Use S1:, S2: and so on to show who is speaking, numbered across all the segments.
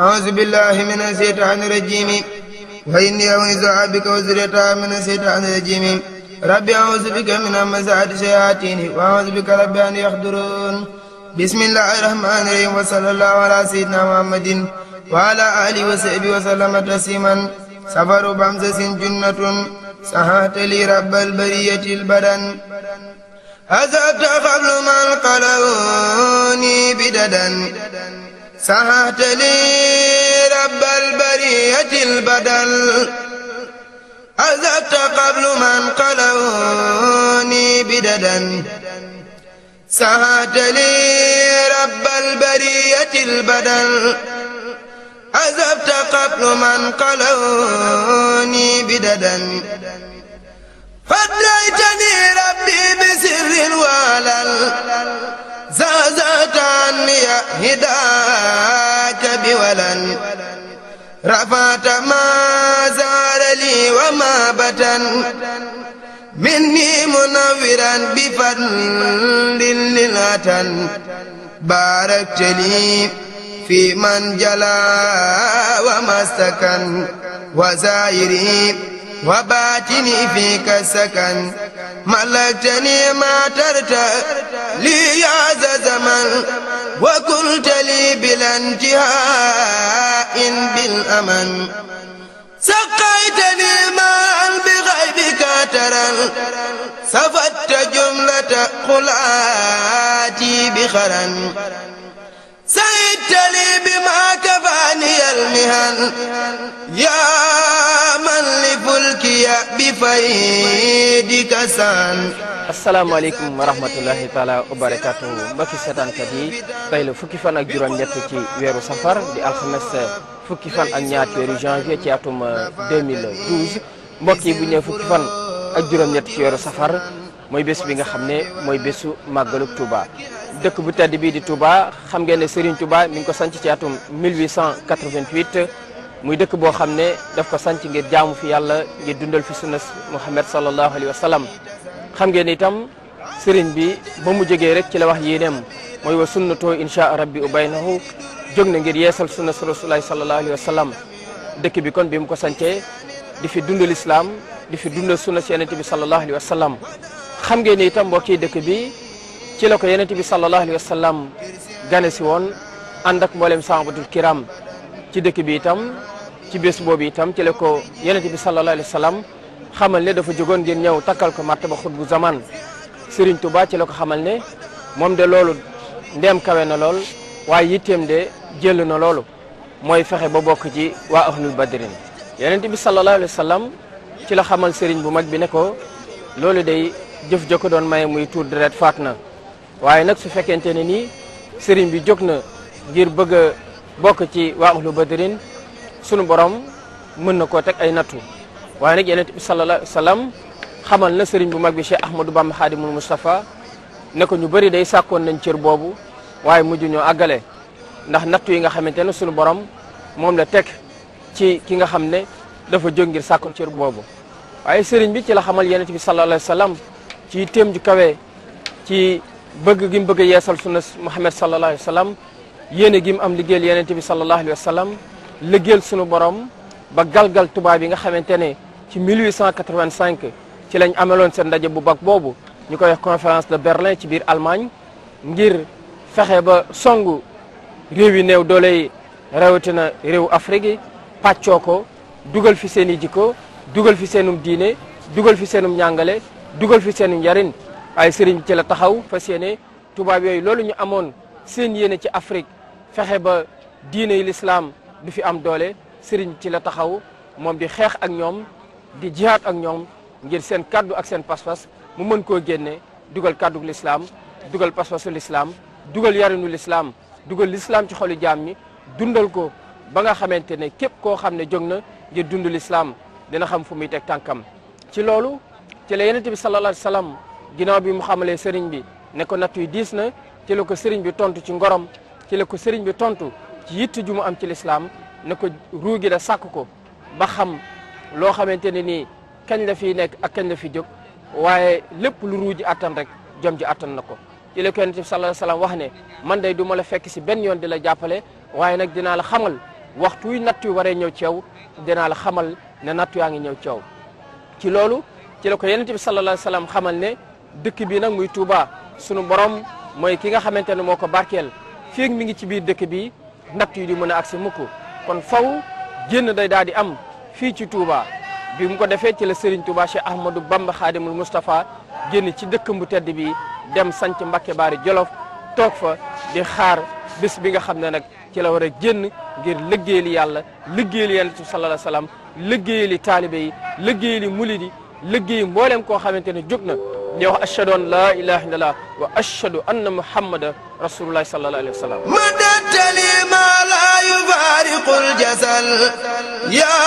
S1: أعوذ بالله من الشيطان الرجيم وإني أعوذ بك وزريتها من الشيطان الرجيم ربي أعوذ بك من همزات الشياطين وأعوذ بك ربي أن يحضرون بسم الله الرحمن الرحيم وصلى الله على سيدنا محمد وعلى آله وصحبه وسلم تسليما سفر بمزة جنة سهات لي رب البرية البدن هذا قبل ما القلوني بددا سهت لي رب البرية البدل عذبت قبل من قلوني بددا سهت لي رب البرية البدل أذبت قبل من قلوني بددا أدريتني ربي بسر الولل زازاك عني هداك بولن رفعت ما زار لي وما بتن مني منورا بفضل للاتن باركت لي في من جلا وما سكن وزائري وباتني فيك سكن ملكتني ما ترت لي يا زمن وقلت لي بلا انتهاء بالأمن سقيتني ماء بغيبك ترى سفدت جملة خلاتي بخرا سعدت لي بما كفاني المهن يا
S2: asalaamaaleykum wa rahmatullahi taala wa barakaatu mbokki seetaankat yi tey la fukki fan ak juróom-ñett ci weeru safar di alxames fukki fan ak ñaar ci weeru janvier ci atum 2012 mbokk yi bu ñëw fukki fan ak juróom-ñett ci weeru safar mooy bés bi nga xam ne mooy bésu màggalu Touba. dëkk bu tedd bii di Touba xam ngeen ne Serigne Touba mi ngi ko sanc ci atum 1888. muy dëkk boo xam ne daf ko sanc ngir jaamu fi yàlla ngir dundal fi sunna Muhammad sallallahu alayhi wa sallam xam ngeen itam sëriñ bi ba mu jógee rek ci la wax yéeneem mooy wa sunnatoo insha rabbi ubaynahu jóg na ngir yeesal sunna rasulullahi sallallahu alayhi wa sallam dëkk bi kon bi mu ko sancee di fi dundal islaam di fi dundal sunna si yonente bi sallallahu alayhi wa sallam xam ngeen ni itam mbokki dëkk bi ci la ko yonente bi sallallahu alayhi wa sallam gane si woon ànd ak mboolem saabatul ci dëkk bi itam ci bés boobu itam ci la ko yonent bi sallallahu alayhi wa xamal ne dafa jógoon ngeen ñëw takkal ko martaba xutbu zaman Serigne Touba ci la ko xamal ne moom de loolu ndem kawe na lool waaye yitteem de jël na loolu mooy fexe ba bokk ci waa ahlul badrin yonent bi sallallahu alayhi sallam ci la xamal sëriñ bu mag bi ne ko loolu day jëf jëkko doon maye muy tuur deret faat na waaye nag su fekkente ne nii Serigne bi jóg na ngir bëgg bokk ci waa ahlu badrin sunu borom mën na koo teg ay nattu waaye nag yonent bi sallallahu alayhi wa xamal na sëriñ bu mag bi Cheikh Ahmadou Bamba Khadimul Moustapha ne ko ñu bëri day sàkkoon nañ cër boobu waaye mujj ñoo àggale ndax nattu yi nga xamante ne sunu borom moom la teg ci ki nga xam ne dafa jóg ngir sàkkoon cër boobu. waaye sëriñ bi ci la xamal yonent bi sallallahu alayhi sallam ci teem ju kawe ci bëgg gi mu bëgg a yeesal sunna Muhammad sallallahu alayhi yéene gi mu am liggéeyal yonent bi sallallahu alayhi wa sallam sunu borom ba galgal tubaab yi nga xamante ne ci 1885 ci lañ ameloon seen ndaje bu bag boobu ñu koy wax conférence de Berlin ci biir Allemagne ngir fexe ba songu réew yi néew doole yi rawatina réew Afrique yi pàccoo ko dugal fi seen i jikko dugal fi seenum diine dugal fi seenum njàngale dugal fi seenum njariñ waaye sëriñ bi ci la taxaw fa yéene tubaab yooyu loolu ñu amoon seen yéene ci Afrique fexe ba diine yi lislaam du fi am doole sëriñ ci la taxaw moom di xeex ak ñoom di jihaat ak ñoom ngir seen kàddu ak seen pas-pas mu mën koo génne dugal kaddu lislaam dugal pas-pasu lislaam dugal yarinu lislaam dugal lislaam ci xolu jaam ñi dundal ko ba nga xamante ne képp koo xam ne jóg na ngir dund lislaam dina xam fu muy teg tànkam ci loolu ci la yonent bi sallallahu alayhi salaam sallam ginnaaw bi mu xamalee sëriñ bi ne ko nattu yi diis na ci ko sëriñ bi tontu ci ngorom ci le ko serigne bi tontu ci yittu juma am ci l'islam ne ko ruugi da sàkk ko ba xam lo xamanteni ni kagn la fi nek ak kagn la fi jog waaye lepp lu ruu ji rek jom ji attan nako ci la ko yonente sallallahu alaihi wasallam wax ne man day duma la fekk ci ben yon dila jappale waye waaye dina la xamal waxtu yu natti waré ñew ci yow dina la xamal ne natti yaa ngi ñëw ci yow ci lolu ci le ko sallallahu alaihi wasallam xamal ne dëkk bi nak muy Touba sunu borom moy ki nga xamante moko barkel feeg mi ngi ci biir dëkk bi natt yi di mën a agsi mukk kon faw génn day daal di am fii ci Touba bi mu ko defee ci la Serigne Touba Cheikh Ahmadou Bamba Khadimul Moustapha génn ci dëkk bu tedd bi dem sanc Mbacké Bari Jolof toog fa di xaar bés bi nga xam ne nag ci la war a génn ngir liggéeyali yàlla liggéeyali yonent bi sallallahu salaam wa sallam liggéeyali taalibe yi liggéeyali mulidi liggéey mbooleem koo xamante ne jóg na نيو اشهد ان لا اله الا الله واشهد ان محمد رسول الله صلى الله عليه وسلم مدد
S1: لي ما لا يفارق الجزل يا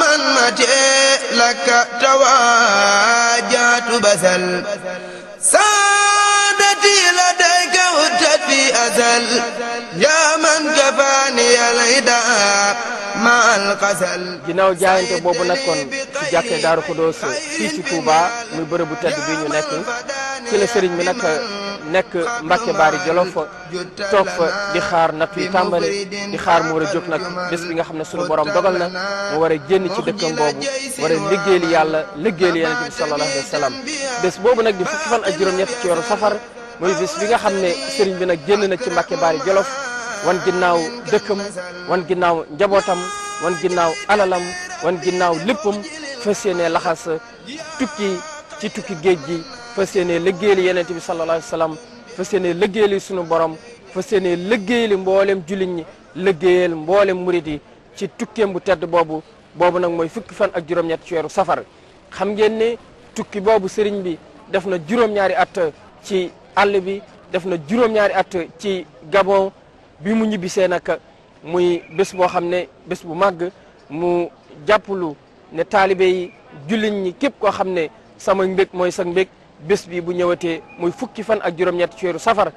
S1: من مجئ لك تواجات بزل سادتي لديك وجد في ازل يا من كفاني الهداه
S2: ginnaaw jaayante boobu nag kon ci jàkkee Daaru sa fii ci Touba muy bu tedd bi ñu nekk ci la sëriñ bi nag nekk Mbàkke Baari Jolof toog fa di xaar natt yu tàmbali di xaar mu war a jóg nag bés bi nga xam ne suñu borom dogal na mu war a génn ci dëkkam boobu war a liggéeyal yàlla liggéeyal yonent bi sallallahu alayhi boobu nag di fukki fan ak juróom-ñett ci weeru safar muy bés bi nga xam ne sëriñ bi nag génn na ci Mbàkke Baari Jolof wan ginnaaw wan ginnaaw alalam wan ginnaaw léppam fas yéene laxas tukki ci tukki géej gi fas yéene liggéeyal yonent bi sallallahu alayhi wa sallam fas yéene sunu borom fas yéene liggéeyal mboolem juliñ ñi liggéeyal mboolem murit yi ci tukkeem bu tedd boobu boobu nag mooy fukk fan ak juróom-ñett ci weeru safar xam ngeen ne tukki boobu sëriñ bi def na juróom-ñaari at ci àll bi def na juróom-ñaari at ci Gabon bi mu ñibbisee nag muy bés boo xam ne bés bu màgg mu jàppalu ne taalibe yi ñi képp koo xam ne sama mbég mooy sa mbég bés bi bu ñëwatee muy fukki fan ak juróom-ñett ci weeru safar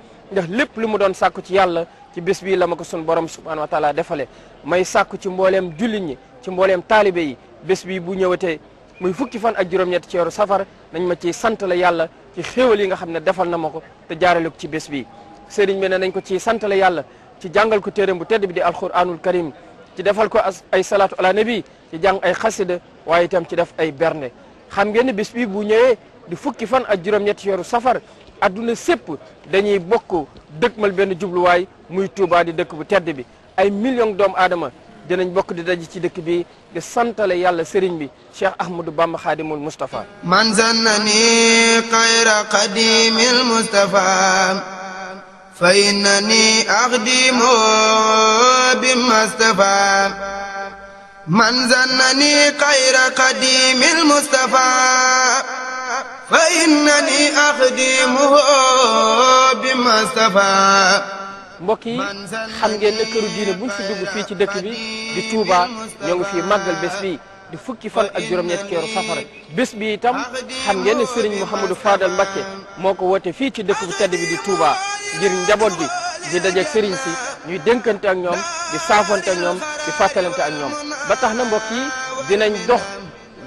S2: lépp li mu doon sàkku ci yàlla ci bés bii la ma ko sun borom subhanahu wa taala defale may sàkku ci mbooleem jullit ñi ci mbooleem taalibe yi bés bi bu ñëwatee muy fukki fan ak juróom ci weeru safar nañ ma ciy santale yàlla ci xéewal yi nga xam ne defal na ma ko te jaarale ko ci bés bi sëriñ bi ne nañ ko ciy santale yàlla ci jàngal ko téeréem bu tedd bi di alquranul karim ci defal ko ay salaatu ala nabi ci jàng ay xasida waaye tam ci def ay berne xam ngeen ne bis bi bu ñëwee di fukki fan ak juróom-ñetti yoru safar adduna sépp dañuy bokk dëkkmal benn jubluwaay muy Touba di dëkk bu tedd bi ay million doomu aadama dinañ bokk di daj ci dëkk bi di santale yàlla sëriñ bi Cheikh Ahmadou Bamba Khadimul Mustafa
S1: man zannani
S2: xayra qadimil Mustafa
S1: فإنني أخدم بما استفى من زنني خير قديم المصطفى فإنني أخدمه
S2: بما استفى mbokk yi xam ngeen ne këru diine buñ fi dugg fii ci dëkk bi di Touba ñoo fii fi màggal bés bi di fukki fan ak juróom-ñetti keeru safara bés bi itam xam ngeen ne Serigne Mouhamadou Fadal Mbacké moo ko woote fii ci dëkk bu tedd bi di Touba ngir njaboot bi di dajeeg Serigne si ñuy dénkante ak ñoom di saafante ak ñoom di fàttalante ak ñoom ba tax na mbokk yi dinañ dox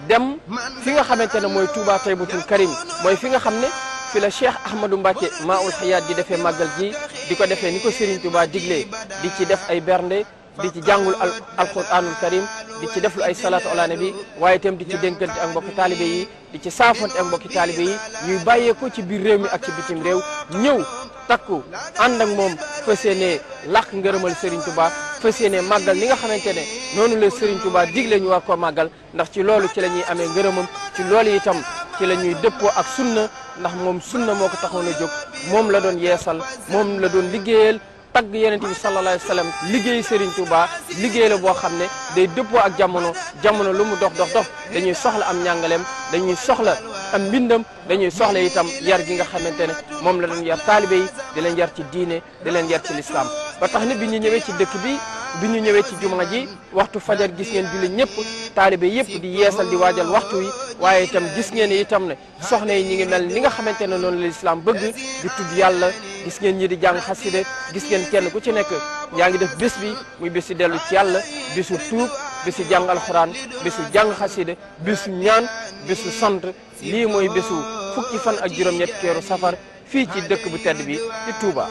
S2: dem fi nga xamante ne mooy Touba Taybatul Karim mooy fi nga xam ne fi la Cheikh Ahmadou Mbacké Maoul Hayaat di defee màggal ji di ko defee ni ko Serigne Touba diglee di ci def ay bernde di ci jàngul al alquranul karim di ci deflu ay salaatu ala nabi waaye itam di ci dénkante ak mbokki taalibe yi di ci saafante ak mbokki taalibe yi ñuy bàyyeekoo ci biir réew mi ak ci bitim réew ñëw takku ànd ak moom fas yéene làq ngërëmal Serigne Touba fas yéene màggal li nga xamante ne noonu la Serigne Touba digle ñu war koo màggal ndax ci loolu ci la ñuy amee ngërëmam ci loolu yitam ci la ñuy dëppoo ak sunna ndax moom sunna moo ko taxoon a jóg moom la doon yeesal moom la doon liggéeyal tagg yonent bi sallallahu alayhi wa sallam liggéey Serigne Touba liggéey la boo xam ne day dëppoo ak jamono jamono lu mu dox dox dox dañuy soxla am njàngaleem dañuy soxla am mbindam dañuy soxla itam yar gi nga xamante ne moom la doon yar taalibe yi di leen yar ci diine di leen yar ci lislaam ba tax na bi ñu ñëwee ci dëkk bi bi ñu ñëwee ci juma ji waxtu fajar gis ngeen julli ñëpp taalibe yëpp di yeesal di waajal waxtu wi waaye itam gis ngeen itam ne soxna yi ñi ngi mel ni nga xamante ne noonu la islaam bëgg di tudd yàlla gis ngeen ñi di jàng xaside gis ngeen kenn ku ci nekk yaa ngi def bés bi muy bés si dellu ci yàlla bésu tuub bésu jàng alxuraan bésu jàng xaside bésu ñaan bésu sant lii mooy bésu fukki fan ak juróom-ñett keeru safar fii ci dëkk bu tedd bi di Touba.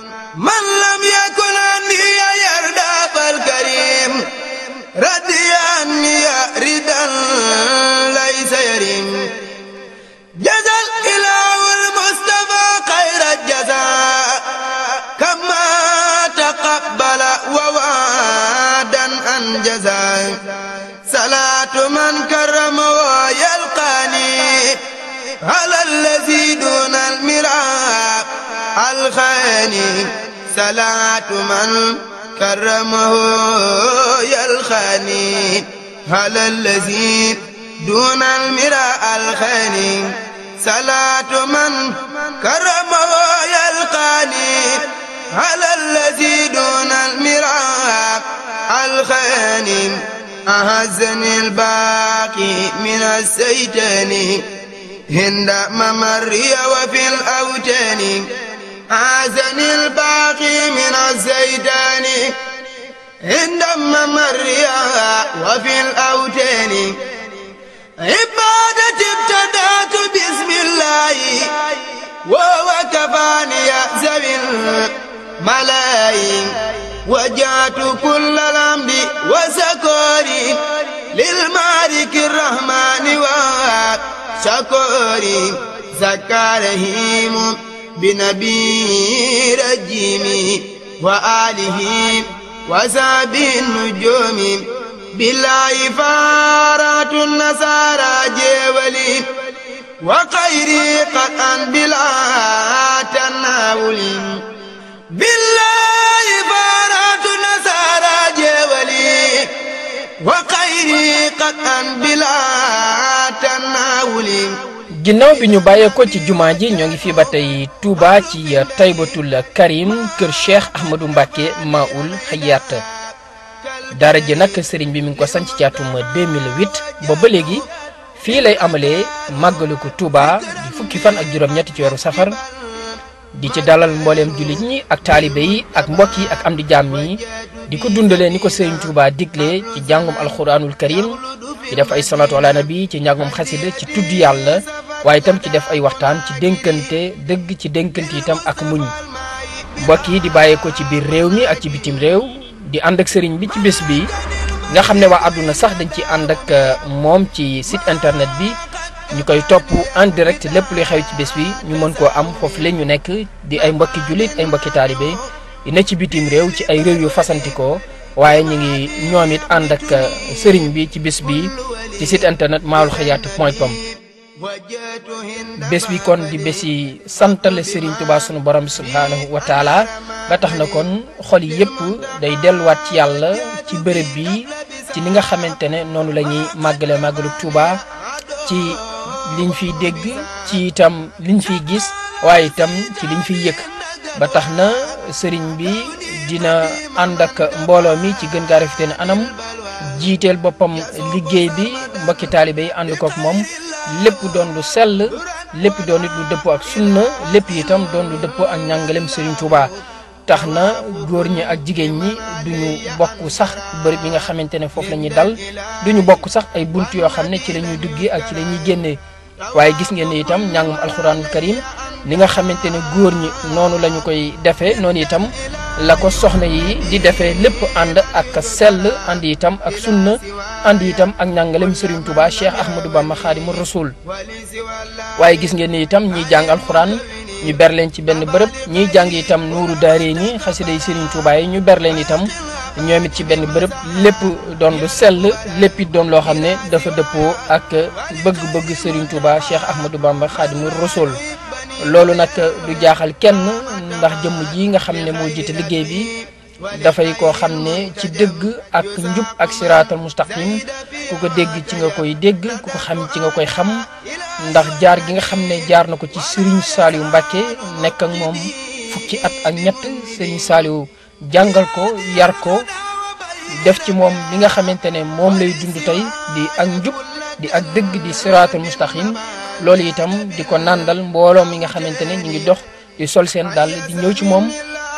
S2: man lam yakun anniya yarda fal karim
S1: radiya anniya ridan الغني صلاة من كرمه يا الخني على الذي دون المراء الخني صلاة من كرمه يا الخني على الذي دون المراء الخني أهزني الباقي من السيتاني هند ممري وفي الأوتاني هازني الباقي من الزيدان إن دم مريا وفي الأوتين عباده ابتدأت بسم الله وهو كفاني ذوي ملايين وجعت كل الأمر وسكوري للمالك الرحمن وشكوري زكى رهيم بنبي رجيم وآله وزاد النجوم بالله فارات النصارى جيولي وخيري قطعا بلا تناول بالله فارات النصارى جيولي
S2: وخيري قطعا بلا تناول ginnaw bi ñu ko ci jumaa ji ñoo ngi fi batay Touba ci eh, taybatul karim keur cheikh ahmadou mbàkke maul Hayat. dara ji nak serigne bi mi ko sant ci atum 2008 ba ba legi fi lay amalé magal ko Touba di fukki fan ak juroom ñet ci safar di ci dalal mbooleem julit ñi ak talibé yi ak mbokk yi ak amdi di yi di ko dundalee ni ko Touba diglé ci jàngum alxuraanul karim di def ay salatu ala nabi ci ñagum khassida ci tuddu yalla waaye itam ci def ay waxtaan ci dénkante dëgg ci dénkante itam ak muñ mbokk yi di bàyyee ci biir réew mi ak ci bitim réew di ànd ak sëriñ bi ci bés bi nga xam ne waa àdduna sax dañ ci ànd ak uh, moom ci site internet bi ñu koy topp en direct lépp luy xew ci bés bi ñu mën koo am foofu la ñu nekk di ay mbokki jullit ay mbokki taalibe ne ci bitim réew ci ay réew yu fasantikoo waaye ñu ngi ñoom it ànd ak uh, sëriñ bi ci bis bi ci site internet maalxayaat point bés bi kon di bés yi santale Serigne Touba sunu borom subhaanahu wataala ba tax na kon xol yépp day delluwaat ci yàlla ci bërëb bi ci li nga xamante ne noonu la ñuy màggale màggalu Touba ci liñ fiy dégg ci itam liñ fiy gis waaye itam ci liñ fiy yëkk ba tax na sëriñ bi dina ànd ak mbooloo mi ci gën gaa rafetee anam jiiteel boppam liggéey bi mbokki taalibe yi ànd kook moom. lépp doon lu sell lépp doon it lu dëppoo ak sunna lépp itam doon lu dëppoo ak njàngalem Serigne Touba tax na góor ñi ak jigéen ñi duñu bokk sax bërëb yi nga xamante ne foofu la ñuy dal duñu bokk sax ay bunt yoo xam ne ci lañuy ñuy duggee ak ci la ñuy génnee waaye gis ngeen ne itam njàngum alxuraanul karim li nga xamante ne góor ñi noonu la ñu koy defee noonu itam la ko soxna yi di defee lépp ànd ak sell ànd itam ak sunna ànd itam ak njàngalem Serigne Touba Cheikh Ahmadou Bamba Khadimou Rasoul waaye gis ngeen ni itam ñiy jàng alxuraan ñu ber leen ci benn bërëb ñuy jàng itam nuuru daaree ñi xasida yi Serigne Touba yi ñu ber leen itam ñoom it ci benn bërëb lépp doon lu sell lépp it doon loo xam ne dafa dëppoo ak bëgg-bëgg Serigne Touba Cheikh Ahmadou Bamba Khadimou Rasoul loolu nag du jaaxal kenn ndax jëmm ji nga xam ne moo jiite liggéey bi dafay koo xam ne ci dëgg ak njub ak siraatal mustaqim ku ko dégg ci nga koy dégg ku ko xam ci nga koy xam ndax jaar gi nga xam ne jaar na ko ci Serigne Saliou Mbacké nekk ak moom fukki at ak ñett Serigne Saliou jàngal ko yar ko def ci moom bi nga xamante ne moom lay dund tey di ak njub di ak dëgg di siraatal mustaqim loolu itam di ko nàndal mbooloo mi nga xamante ne ñu ngi dox di sol seen dàll di ñëw ci moom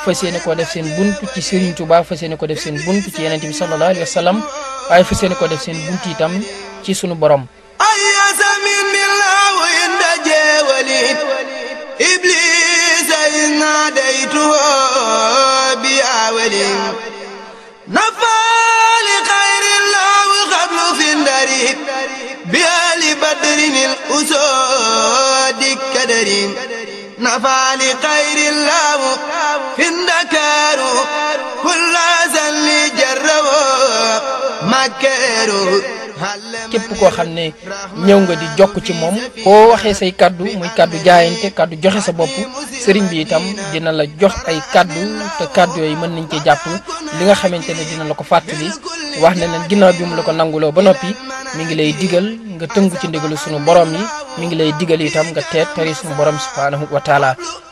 S2: fas yéene ko def seen bunt ci Serigne Touba fas yéene ko def seen bunt ci Yonent bi sallallahu alayhi waaye fas yéene ko def seen buntu itam ci sunu borom.
S1: bi ali badrin أسود الكدر نفع لخير الله في الذكر كل زلي
S2: képp koo xam ne ñëw nga di jokk ci moom koo waxee say kàddu muy kàddu jaayante kàddu joxe sa bopp sëriñ bi itam dina la jox ay kàddu te kàddu yooyu mën nañ cee jàpp li nga xamante ne dina la ko fàttali wax ne leen ginnaaw bi mu la ko nanguloo ba noppi mu ngi lay digal nga tënku ci ndigalu sunu borom yi mu ngi lay digal itam nga teet tari sunu borom subhaanahu wa taala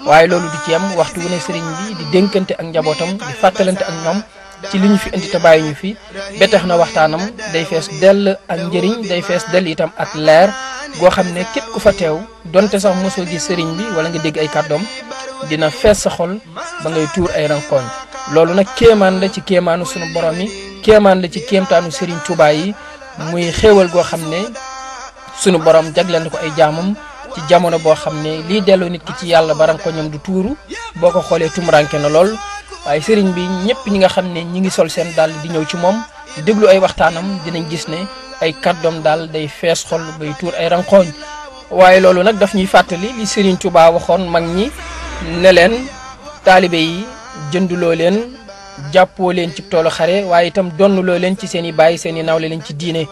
S2: waaye loolu di ci am waxtu wu ne sëriñ bi di dénkante ak njabootam di fàttalante ak ñoom ci li fi indi ta bàyyi fi be tax na waxtaanam day fess del ak njëriñ day fess del itam ak lèr go xamné képp ku fa tew donte sax mosoo gi sëriñ bi wala nga dégg ay kaddom dina fess xol ba ngay tour ay rankoñ lolu nak kéman la ci kémanu sunu borom yi kéman la ci kémtanu sëriñ Touba yi muy xéewal go xamné sunu borom jagleel ko ay jaamum ci jamono bo xamné li liy nit ki ci yàlla ba du touru boko xolé na waaye sëriñ bi ñëpp ñi nga xam ne ñi ngi sol seen dàll di ñëw ci moom di déglu ay waxtaanam dinañ gis ne ay kàddoom daal day fees xol bay tuur ay ranqooñ waaye loolu nag daf ñuy fàttali li sëriñ Tuubaa waxoon mag ñi ne leen taalibe yi jënduloo leen jàppoo leen ci toolu xare waaye itam donnuloo leen ci seen i bàyyi seen i nawle leen ci diine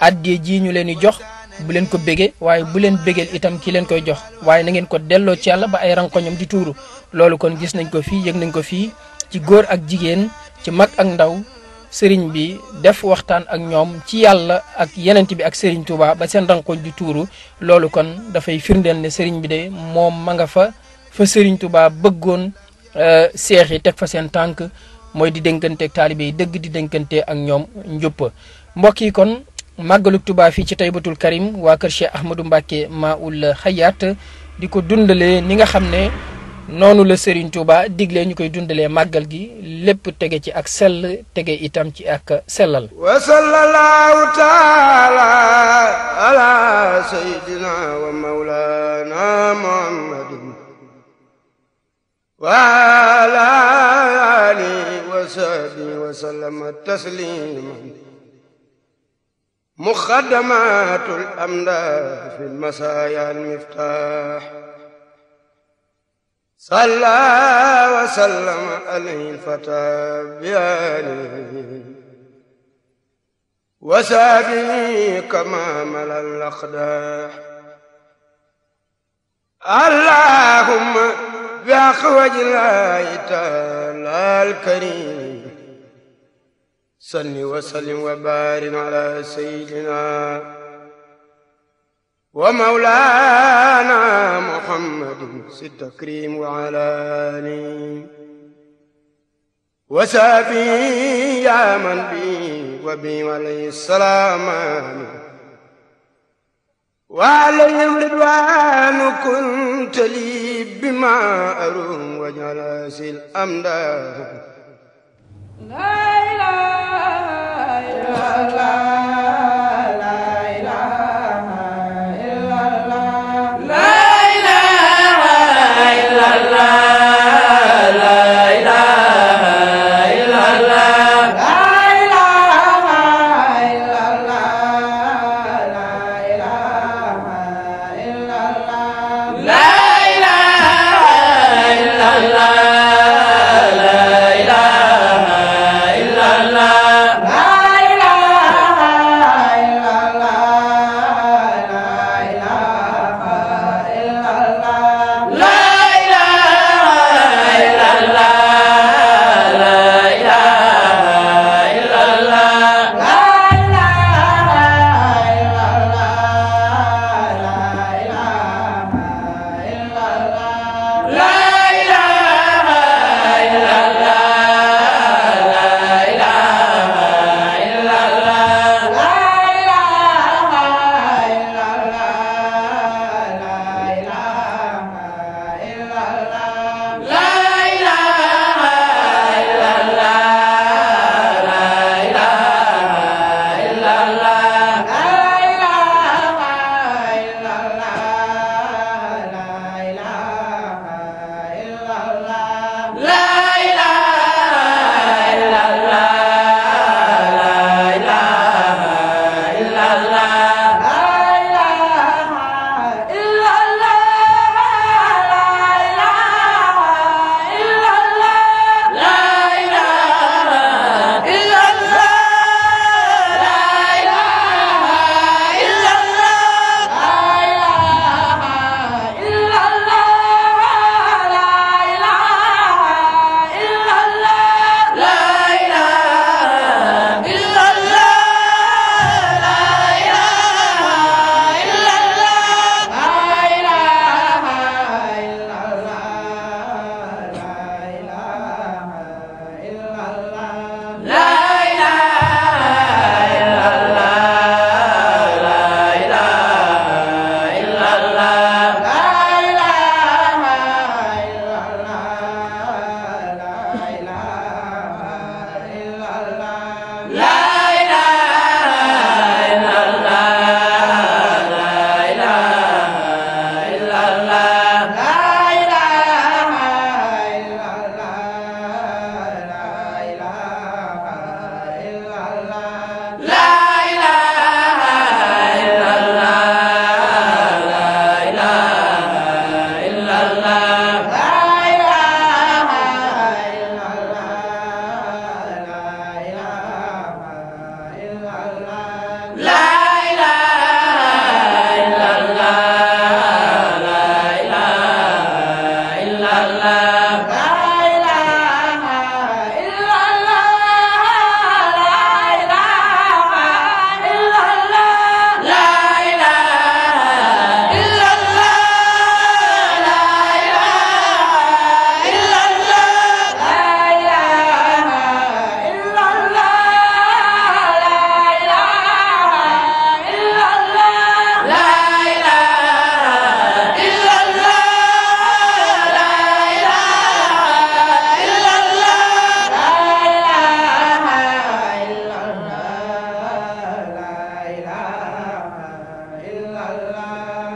S2: addiye ji ñu leen di jox bu leen ko bége waaye bu leen bégeel itam ki leen koy jox waaye na ngeen ko delloo ci ba ay rankoñam di tuuru loolu kon gis nañ ko fii yëg nañ ko fii ci góor ak jigéen ci mag ak ndaw sëriñ bi def waxtaan ak ñoom ci yàlla ak yenent bi ak sëriñ Touba ba seen rankoñ di tuuru loolu kon dafay firndeel ne sëriñ bi de moom ma nga fa fa sëriñ Touba bëggoon euh, seex yi teg fa seen tànk mooy di dénkanteeg taalibe yi dëgg di dënkante ak ñoom njuppa mbokk yi kon màggalu Touba fii ci Taybatul Karim waa kër Cheikh Ahmadou Mbacke Maoul Hayaat di ko dundale ni nga xam ne noonu la Serigne Touba diglee ñu koy dundalee màggal gi lépp tege ci ak sell tege itam ci ak sellal wa
S3: sallallahu taala ala sayidina wa maulana muhammadin wa ala alihi wa sahbihi wa sallama tasliman muxaddamatul amda fi lmasaaya almiftaax صلى وسلم عليه الفتى بآله وسابه كما ملا الأقداح اللهم بأخوج الله تعالى الكريم صل وسلم وبارك على سيدنا ومولانا محمد سد تكريم وعلى آله وسافي يا من بي وبي عليه السلام وعليهم رضوان كنت لي بما أروم وجعل الأمداد
S4: لا إله
S5: إلا الله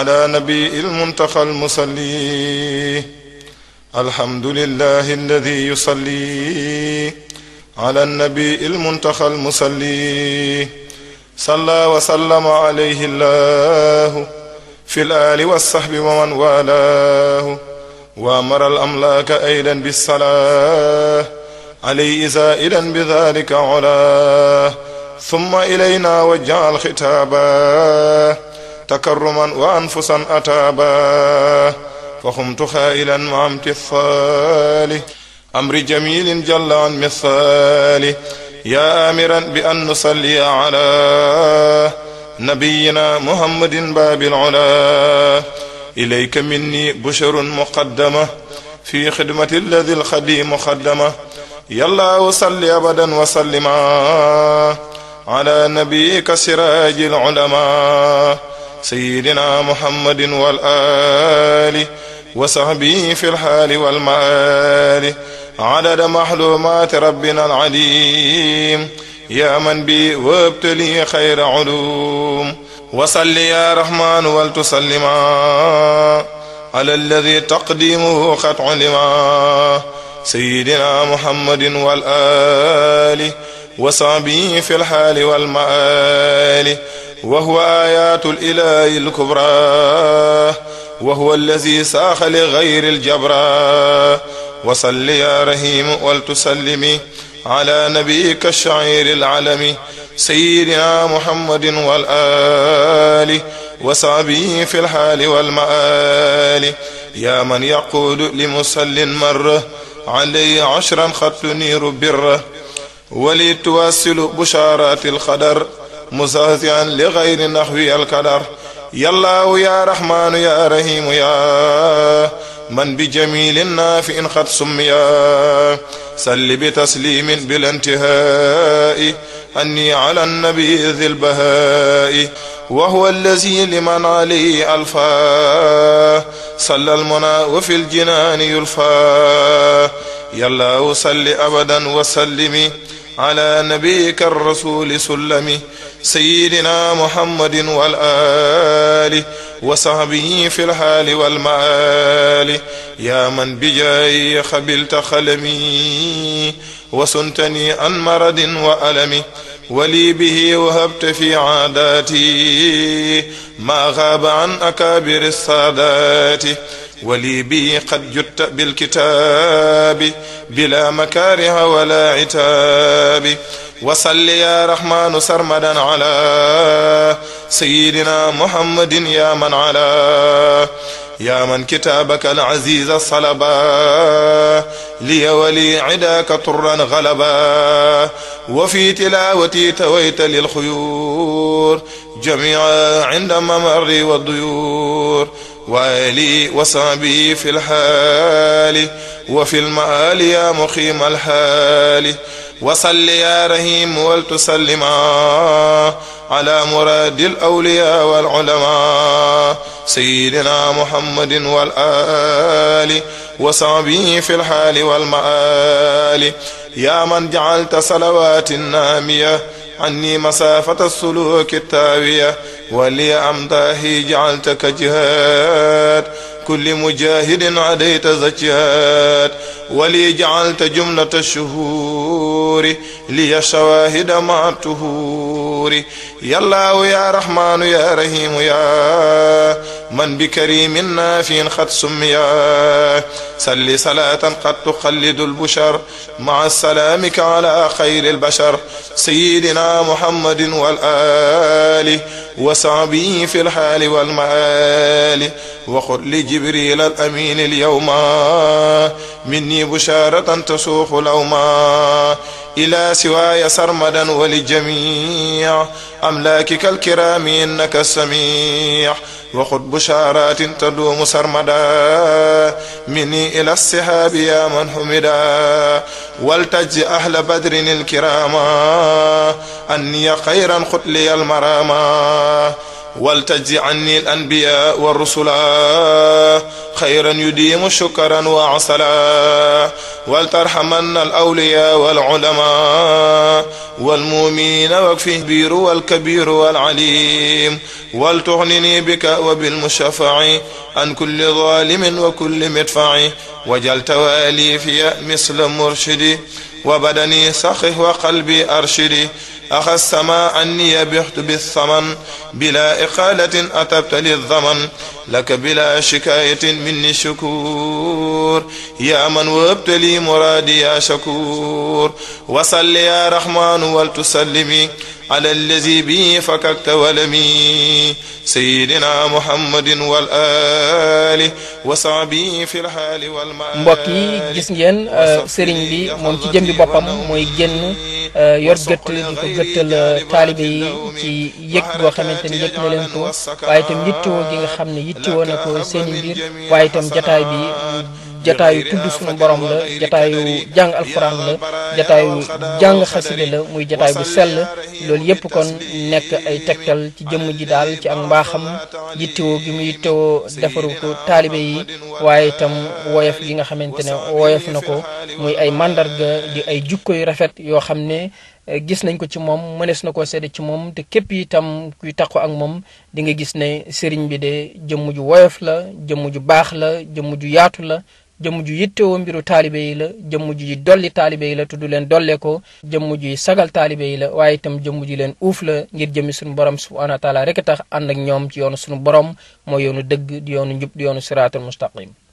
S6: على نبي المنتقى المصلي الحمد لله الذي يصلي على النبي المنتقى المصلي صلى وسلم عليه الله في الآل والصحب ومن والاه وأمر الأملاك أيضا بالصلاة عليه زائدا بذلك علاه ثم إلينا وجع الختابا تكرما وأنفسا أتابا فخمت خائلا مع امتثاله أمر جميل جل عن مثالي يا آمرا بأن نصلي على نبينا محمد باب العلا إليك مني بشر مقدمة في خدمة الذي الخديم مقدمة يلا وصلي أبدا وسلم على نبيك سراج العلماء سيدنا محمد والآل وصحبه في الحال والمآل عدد محلومات ربنا العليم يا من بي وابتلي خير علوم وصل يا رحمن ولتسلما على الذي تقديمه قد علما سيدنا محمد والآل وصحبه في الحال والمآل وهو آيات الإله الكبرى وهو الذي ساخ لغير الجبرى وصل يا رحيم ولتسلمي على نبيك الشعير العلمي سيدنا محمد والآل وصابي في الحال والمآل يا من يقول لمسل مرة علي عشرا خطني ربره ولتواصل بشارات الخدر مستهزئا لغير النحو القدر يا الله يا رحمن يا رحيم يا من بجميل إن قد سميا سل بتسليم بلا انتهاء أني على النبي ذي البهاء وهو الذي لمن عليه ألفا صلى المنى وفي الجنان يلفى يا الله صل أبدا وسلم على نبيك الرسول سلمي سيدنا محمد والآل وصحبه في الحال والمآل يا من بجاي خبلت خلمي وسنتني عن مرض وألم ولي به وهبت في عاداتي ما غاب عن أكابر السادات ولي به قد جدت بالكتاب بلا مكاره ولا عتاب وصل يا رحمن سرمدا على سيدنا محمد يا من على يا من كتابك العزيز الصلبا لي ولي عداك طرا غلبا وفي تلاوتي تويت للخيور جميعا عند ممري والضيور وآلي وصحبي في الحال وفي المآل يا مقيم الحال وصل يا رحيم ولتسلما على مراد الأولياء والعلماء سيدنا محمد والآل وصحبه في الحال والمآل يا من جعلت صلوات نامية عني مسافة السلوك التاوية ولي أمداه جعلتك جهاد كل مجاهد عليت زكيات ولي جعلت جملة الشهور لي شواهد مع الطهور يا الله يا رحمن يا رحيم يا من بكريم ناف قد سميا سل صلاة قد تخلد البشر مع السلامك على خير البشر سيدنا محمد والآل وصعبي في الحال والمآل وخذ لجبريل الأمين اليوم مني بشارة تسوق لوما إلى سواي سرمدا وللجميع أملاكك الكرام إنك السميع وخذ بشارات تدوم سرمدا مني إلى السحاب يا من حمدا والتج أهل بدر الكرام أني خيرا خذ لي المراما والتج عني الأنبياء والرسلا خيرا يديم شكرا وعسلا ولترحمن الأولياء والعلماء والمؤمنين واكفه البير والكبير والعليم ولتغنني بك وبالمشفع عن كل ظالم وكل مدفع وجل توالي في مثل مرشدي وبدني سخه وقلبي أرشدي أخا السماء أني بحت بالثمن بلا إقالة أتبت للضمن لك بلا شكاية مني شكور يا من وابتلي لي مرادي يا شكور وصل يا رحمن ولتسلمي على الذي به فككت ولمي سيدنا محمد والآل وصعبي في الحال والمال
S2: mbokk جسنجين سرين ngeen euh, sëriñ bi moom Euh, yor gëttal bi ko gëttal euh, taalibe yi ci yëg boo xamante ni yëg na leen ko waaye itam yittewoo gi nga xam ne yittewoo na ko seen i waaye itam jataay bi jataayu tudd sunu borom la jataayu jàng alxuraan la jàng xasida muy jataay bu sell loolu yépp kon nekk ay tegtal ci jëmm ji daal ci ak mbaaxam yittewoo gi mu yittewoo defaru ko taalibe yi waaye itam woyof gi nga xamante ne woyof na ko muy ay màndarga di ay jukko yu rafet yoo xam ne Eh, gis nañ ko ci moom mënees na ko seede ci moom te képp itam kuy taqu ak moom di nga gis ne sëriñ bi de jëmm ju woyof la jëmm ju baax la jëmm ju yaatu la jëmm ju yittewoo mbiru taalibe yi la jëmm ju dolli taalibe yi la tudd leen dollee ko jëmm ju sagal taalibe yi la waaye itam jëmm ju leen uuf la ngir jëmi suñu borom subhanahu wa taala rek tax ànd ak ñoom ci yoonu suñu borom mooy yoonu dëgg di yoonu njub di yoonu siraatul mustaqim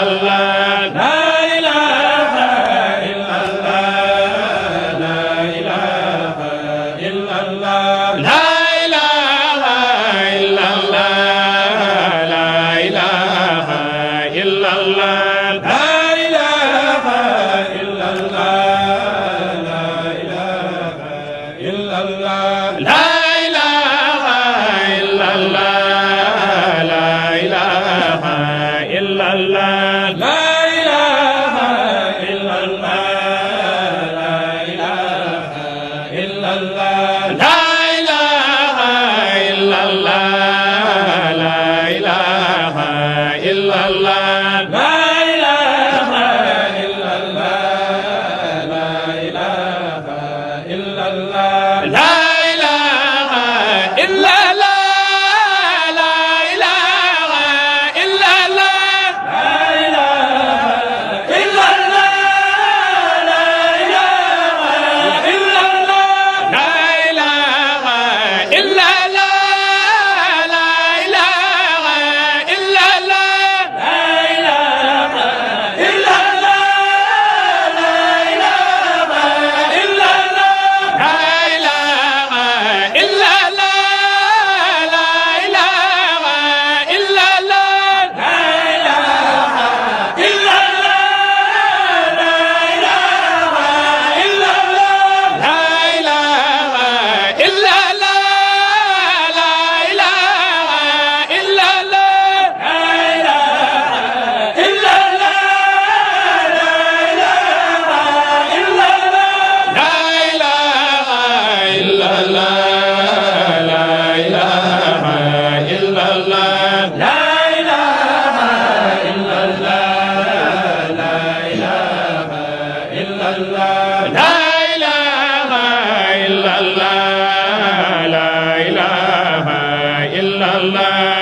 S5: la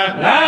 S5: la